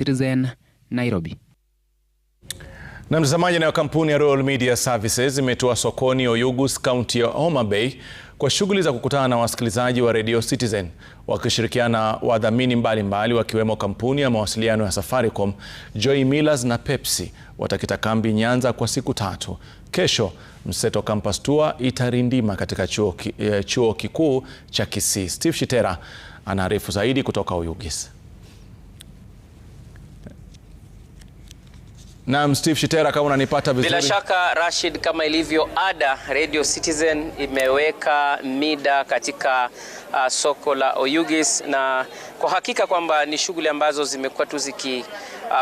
Citizen Nairobi. Na mtazamaji, nayo kampuni ya Royal Media Services imetoa sokoni Oyugis, kaunti ya Homa Bay kwa shughuli za kukutana na wasikilizaji wa Radio Citizen wakishirikiana wadhamini mbalimbali wakiwemo kampuni ya mawasiliano ya Safaricom, Joy Millers na Pepsi watakita kambi Nyanza kwa siku tatu. Kesho Mseto Campus Tour itarindima katika chuo, eh, chuo kikuu cha Kisii. Steve Shitera anaarifu zaidi kutoka Oyugis. Naam, Steve Shitera, kama unanipata vizuri. Bila shaka Rashid, kama ilivyo ada, Radio Citizen imeweka mida katika uh, soko la Oyugis na kwa hakika kwamba ni shughuli ambazo zimekuwa tu ziki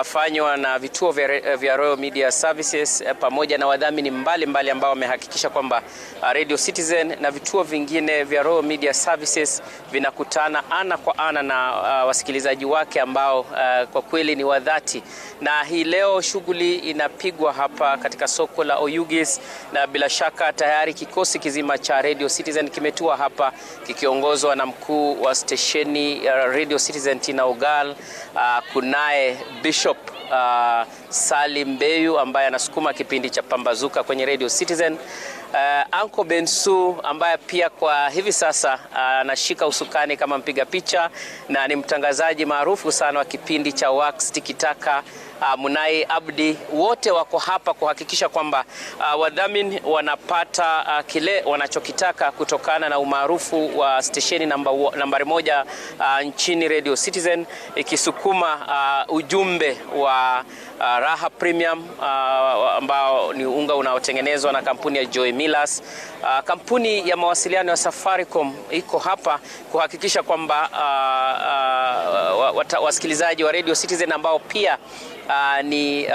fanywa na vituo vya, eh, vya Royal Media Services eh, pamoja na wadhamini mbalimbali ambao wamehakikisha kwamba eh, Radio Citizen na vituo vingine vya Royal Media Services vinakutana ana kwa ana na uh, wasikilizaji wake ambao uh, kwa kweli ni wadhati, na hii leo shughuli inapigwa hapa katika soko la Oyugis, na bila shaka tayari kikosi kizima cha Radio Citizen kimetua hapa kikiongozwa na mkuu wa stesheni ya Radio Citizen Tina Ogal. Uh, kunaye Bishop Bishop uh, Salim Beyu ambaye anasukuma kipindi cha Pambazuka kwenye Radio Citizen, uh, Anko Bensu ambaye pia kwa hivi sasa uh, anashika uh, usukani kama mpiga picha na ni mtangazaji maarufu sana wa kipindi cha Wax Tikitaka uh, Munai Abdi wote wako hapa kuhakikisha kwamba uh, wadhamini wanapata uh, kile wanachokitaka kutokana na umaarufu wa stesheni namba, nambari moja uh, nchini Radio Citizen ikisukuma uh, ujumbe wa uh, Raha Premium uh, ambao ni unga unaotengenezwa na kampuni ya Joy Millers. Uh, kampuni ya mawasiliano ya Safaricom iko hapa kuhakikisha kwamba uh, uh, wasikilizaji wa Radio Citizen ambao pia uh, ni uh,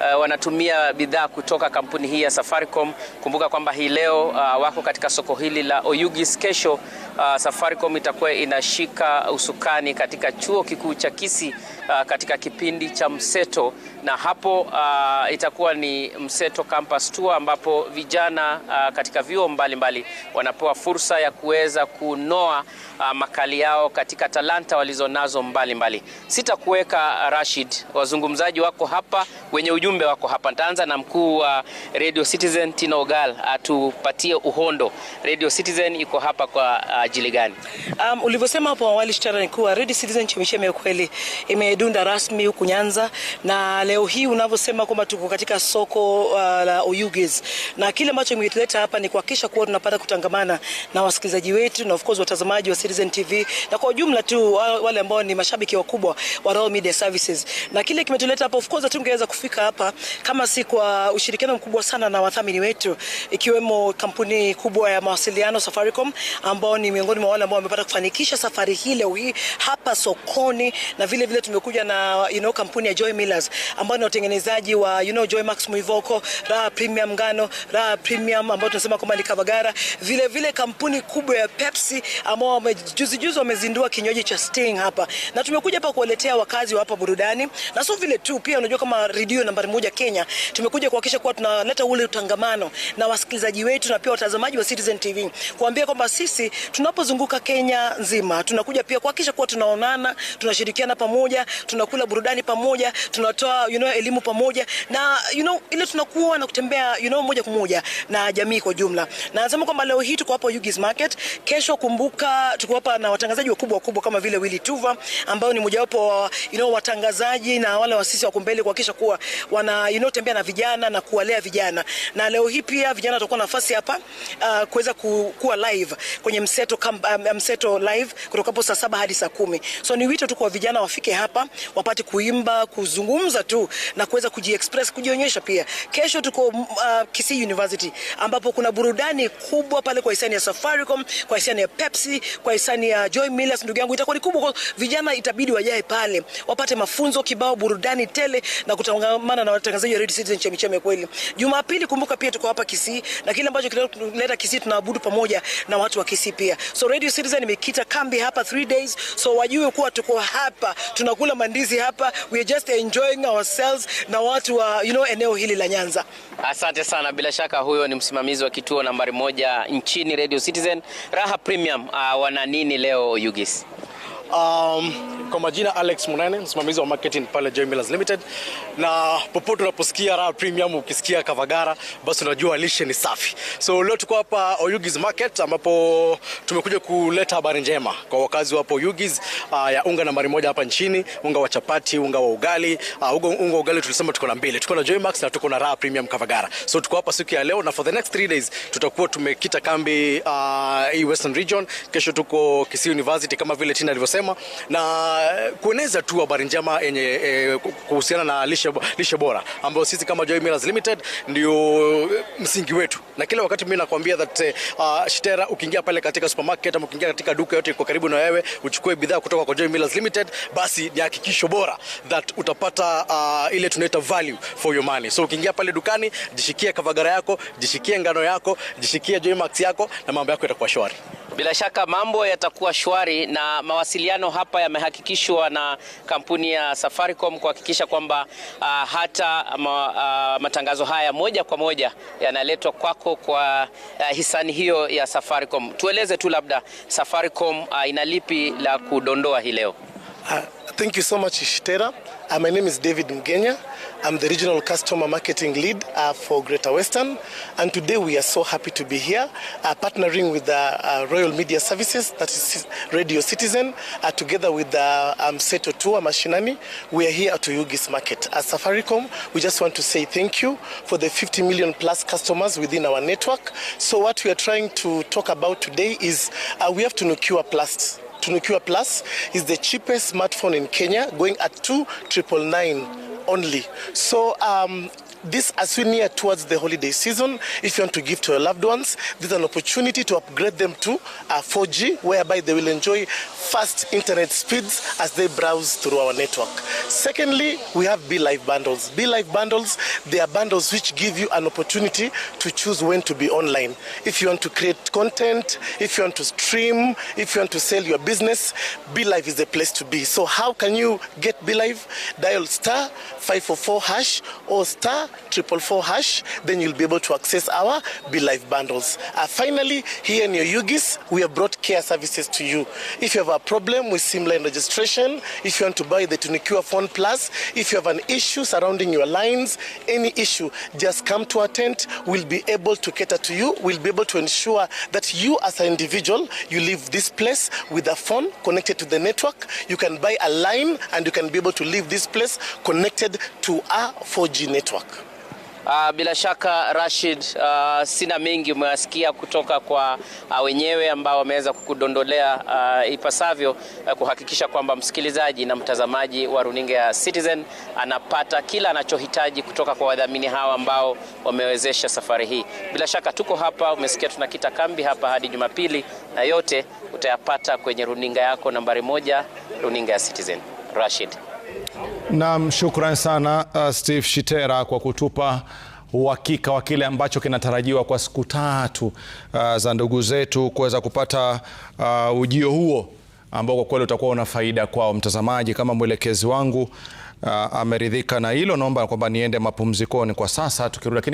uh, wanatumia bidhaa kutoka kampuni hii ya Safaricom. Kumbuka kwamba hii leo uh, wako katika soko hili la Oyugis. Kesho uh, Safaricom itakuwa inashika usukani katika chuo kikuu cha Kisii uh, katika kipindi cha mseto, na hapo uh, itakuwa ni mseto campus tour ambapo vijana uh, katika vyuo mbalimbali wanapewa fursa ya kuweza kunoa uh, makali yao katika talanta walizonazo mbalimbali. Sitakuweka Rashid wazungumzaji wako hapa, wenye ujumbe wako hapa. Nitaanza na mkuu wa Radio Citizen Tino Ogal atupatie uhondo, Radio Citizen iko hapa kwa uh, ajili gani? Um, ulivyosema hapo awali Shitara, ni kuwa Radio Citizen chemchemi ya kweli imedunda rasmi huku Nyanza, na leo hii unavyosema kwamba tuko katika soko uh, la Oyugis, na kile ambacho imetuleta hapa ni kuhakikisha kuwa tunapata kutangamana na wasikilizaji wetu na of course watazamaji wa Citizen TV na kwa ujumla tu wale ambao ni mashabiki wakubwa wa Royal Media Services na kile kile kimetuleta hapa, of course hatungeweza kufika hapa kama si kwa ushirikiano mkubwa sana na wathamini wetu, ikiwemo kampuni kubwa ya mawasiliano Safaricom, ambao ni miongoni mwa wale ambao wamepata kufanikisha safari hii leo hii hapa sokoni, na vile vile tumekuja na you know, kampuni ya Joy Millers ambao ni watengenezaji wa you know, Joy Max Muivoko, Raha Premium ngano, Raha Premium ambao tunasema kwamba ni Kavagara, vile vile kampuni kubwa ya Pepsi ambao wamejuzi juzi wamezindua kinywaji cha Sting hapa, na tumekuja hapa kuwaletea wakazi wa hapa burudani na sio vile tu, pia unajua kama redio nambari moja Kenya tumekuja kuhakikisha kuwa tunaleta ule utangamano na wasikilizaji wetu na pia watazamaji wa Citizen TV, kuambia kwamba sisi tunapozunguka Kenya nzima tunakuja pia kuhakikisha kuwa tunaonana, tunashirikiana pamoja, tunakula burudani pamoja, tunatoa you know, elimu pamoja na you know, ile tunakuwa na kutembea you know, moja kwa moja na jamii kwa jumla. Na nasema kwamba leo hii tuko hapa Yugi's Market, kesho kumbuka tuko hapa na watangazaji wakubwa wakubwa kama vile Willy Tuva ambao ni mojawapo you know, watangazaji na wale wasisi wako mbele kuhakikisha kuwa wana you know, tembea na vijana na kuwalea vijana, na leo hii pia vijana watakuwa nafasi hapa uh, kuweza ku, kuwa live kwenye mseto kam, uh, um, mseto live kutoka hapo saa saba hadi saa kumi. So ni wito tu kwa vijana wafike hapa wapate kuimba, kuzungumza tu na kuweza kujiexpress, kujionyesha pia. Kesho tuko uh, Kisii University ambapo kuna burudani kubwa pale kwa hisani ya Safaricom, kwa hisani ya Pepsi, kwa hisani ya Joy Millers. Ndugu yangu itakuwa ni kubwa kwa vijana, itabidi wajae pale wapate mafunzo kibao kibao, burudani tele na kutangamana na watangazaji wa Radio Citizen Chemi Chemi kweli. Jumapili kumbuka pia tuko hapa Kisii na kile ambacho kinaleta Kisii tunaabudu pamoja na watu wa Kisii pia. So Radio Citizen imekita kambi hapa 3 days, so wajue kuwa tuko hapa, tunakula mandizi hapa, we are just enjoying ourselves na watu wa you know eneo hili la Nyanza. Asante sana, bila shaka huyo ni msimamizi wa kituo nambari moja nchini Radio Citizen Raha Premium. Uh, wana nini leo Yugis? Um, kwa majina Alex Munene, msimamizi wa marketing pale Joy Millers Limited, na popote unaposikia Raha Premium, ukisikia Kavagara, basi unajua lishe ni safi. So leo tuko hapa Oyugis Market ambapo tumekuja kuleta habari njema kwa wakazi wa hapo Oyugis, uh, ya unga nambari moja hapa nchini, unga wa chapati, unga wa ugali, uh, unga, unga ugali tulisema tuko na mbili, tuko na Joy Max na tuko na Raha Premium Kavagara. So tuko hapa siku ya leo na for the next three days tutakuwa tumekita kambi uh, hii Western Region. Kesho tuko Kisii University kama vile Tina alivyosema njema na eh, kueneza tu habari njema yenye e, kuhusiana na lishe, lishe bora ambayo sisi kama Joy Millers Limited ndio eh, msingi wetu, na kila wakati mimi nakwambia that uh, ah, Shitera, ukiingia pale katika supermarket ama ukiingia katika duka yote iko karibu na wewe, uchukue bidhaa kutoka kwa Joy Millers Limited, basi ni hakikisho bora that utapata uh, ile tunaita value for your money. So ukiingia pale dukani, jishikie kavagara yako, jishikie ngano yako, jishikie Joy Max yako na mambo yako yatakuwa shwari. Bila shaka mambo yatakuwa shwari na mawasiliano hapa yamehakikishwa na kampuni ya Safaricom kuhakikisha kwamba uh, hata ma, uh, matangazo haya moja kwa moja yanaletwa kwako kwa uh, hisani hiyo ya Safaricom. Tueleze tu labda Safaricom uh, inalipi la kudondoa hii leo? Thank you so much, Shtera. Uh, my name is David Mgenya. I'm the Regional Customer Marketing Lead uh, for Greater Western. And today we are so happy to be here, uh, partnering with the uh, uh, Royal Media Services, that is Radio Citizen, uh, together with the um, Seto 2 Mashinani. We are here at Uyugis Market. As Safaricom, we just want to say thank you for the 50 million plus customers within our network. So what we are trying to talk about today is we have to Nukua Plus Tunukiwa Plus is the cheapest smartphone in Kenya, going at 2999 only. So um, this as we near towards the holiday season, if you want to give to your loved ones, this is an opportunity to upgrade them to uh, 4G, whereby they will enjoy fast internet speeds as they browse through our network. Secondly, we have Be Live bundles. Be Live bundles, they are bundles which give you an opportunity to choose when to be online. If you want to create content, if you want to stream, if you want to sell your business, Be Live is the place to be. So how can you get Be Live? Dial star 544 hash or star triple four hash, then you'll be able to access our Be Live bundles. Uh, finally, here in your yugis we have brought care services to you. If you have a problem with SIM line registration, if you want to buy the Tunicure Phone Plus, if you have an issue surrounding your lines, any issue, just come to our tent. We'll be able to cater to you. We'll be able to ensure that you as an individual, you leave this place with a phone connected to the network. You can buy a line and you can be able to leave this place connected to our 4G network. Uh, bila shaka Rashid, uh, sina mengi umewasikia kutoka kwa uh, wenyewe ambao wameweza kukudondolea uh, ipasavyo uh, kuhakikisha kwamba msikilizaji na mtazamaji wa runinga ya Citizen anapata kila anachohitaji kutoka kwa wadhamini hawa ambao wamewezesha safari hii. Bila shaka tuko hapa, umesikia tunakita kambi hapa hadi Jumapili, na yote utayapata kwenye runinga yako nambari moja, runinga ya Citizen. Rashid. Naam, shukran sana uh, Steve Shitera kwa kutupa uhakika wa kile ambacho kinatarajiwa kwa siku tatu uh, za ndugu zetu kuweza kupata uh, ujio huo ambao kwa kweli utakuwa una faida kwao. Mtazamaji, kama mwelekezi wangu uh, ameridhika na hilo, naomba kwamba niende mapumzikoni kwa sasa tukirudi, lakini